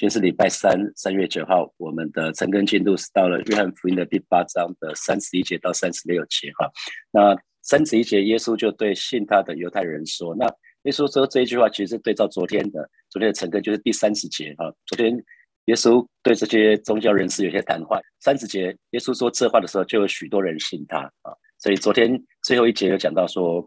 今日是禮拜三，三月九號，我們的晨更進度是到了約翰福音的第八章的三十一節到三十六節哈。那三十一節耶穌就對信他的猶太人說，那耶穌說這一句話，其實對照昨天的，昨天的晨更就是第三十節哈。昨天耶穌對這些宗教人士有些談話，三十節耶穌說這話的時候就有許多人信他啊，所以昨天最後一節有講到說。